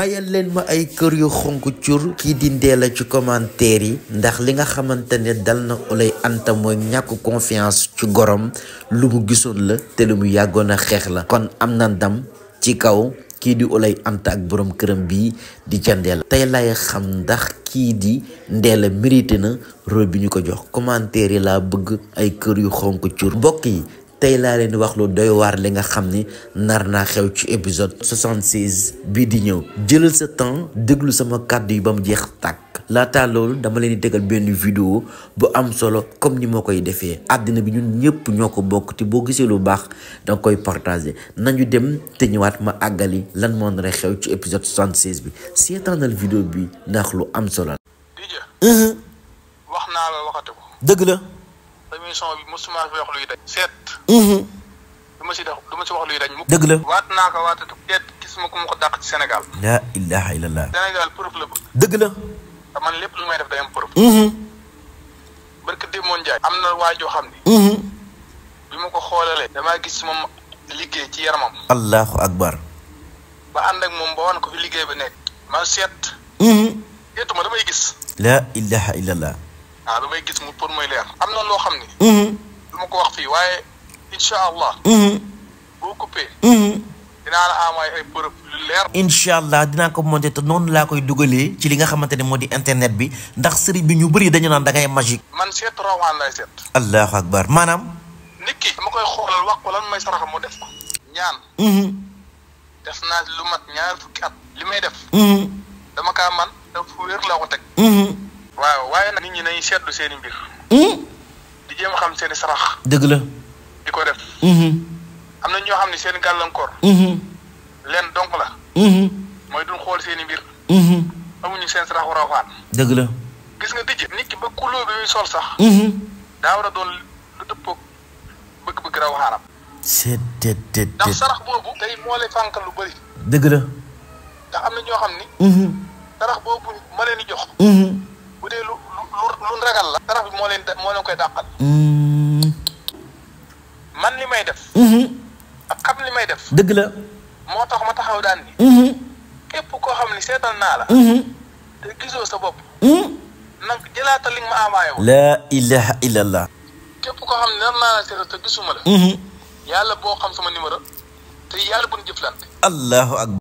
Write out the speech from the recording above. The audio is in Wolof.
mayal leen ma ay kër yu xonk cur kii dindee la ci commentaire yi ndax li nga xamante ne dal na Ouleye Anta mooy ñàkk confiance ci gorom lu mu gisoon la te lu mu yàggoon a xeex la kon am na ndam ci kaw kii di Ouleye Anta ak borom këram bii di ca Ndella tey lay xam ndax kii di Ndella mérité na rôle bi ñu ko jox commentaire yi laa bëgg ay kër yu xonq cur mbokk yi tey laa leen wax lu doy waar li nga xam ni nar naa xew ci épisode 76 bii di ñëw jëlal sa temps déglu sama kàddu yi ba mu jeex tàkk laataa loolu dama leen di benn vidéo bu am solo comme ni moo koy defee àddina bi ñun ñëpp ñoo ko bokk te boo gisee lu baax danga koy partager nañu dem te ñëwaat ma àggali lan moo nar xew ci épisode 76 bi seetaanal vidéo bi ndax lu am solo la. wax la. émission bi mosuma fi wax luy dañ seet mhm. du si def du si wax luy dañ mukk dëgg la waat naa ko waatatu seet gis ma ku ma ko dàq ci Sénégal la ilaha illallah Sénégal preuve la bëgg dëgg la man lépp lu may def day am preuve mhm. barke Démoon Njaay am na waajoo xam ne mhm. bi ma ko xoolalee damaa gis moom liggéey ci yaramam allahu akbar ba ànd ak moom ba wan ko fi liggéey ba nekk ma seet seetuma damay gis la ilaha illallah ah may gis mu pour muy leer am na loo xam ni. Mhm. du ma ko wax fii waaye incha allah. Mhm. boo coupé. Mhm. dinaa la envoyé ay preuve lu leer. incha allah dinaa ko monté te noonu laa koy dugalee ci li nga xamante ne moo di internet bi ndax sëriñ bi ñu bari dañu naan da ngay magique. man seet rawaan lay seet. allahu akbar maanaam. nit ki dama koy xoolal wax ko may saraxa mu def ñaan. def naa lu mat ñaar fukki at. li may def. dama kaa man dafa wér laa ko teg. waaye nag ni ñi nañ seetlu seen i mbir. Hmm? di jéem xam seen i sarax. dëgg la. di ko def. Hmm. am na ñoo xam ne seen gàllankoor. Hmm. leen donc la. mooy duñ xool seen i mbir. amuñu seen saraxu rawaan. dëgg la. sol sax. daa war a doon bëgg-bëgg rawaanam. c'est te te xam ni. sarax boobu ma leen jox. luñ ragal la sarax bi moo leen moo leen koy dàqal hmm. man li may def hmm. ak xam li may def dëgg la moo tax ma taxaw daan ni hmm. képp koo xam ni seetal naa la te gisoo sa bopp nang jëlaatal li ma envoyé woon laa ilaha illallah képp ko xam ne nar seetal te gisuma la yàlla boo xam sama numéro te yàlla buñ jëflante allahu akbar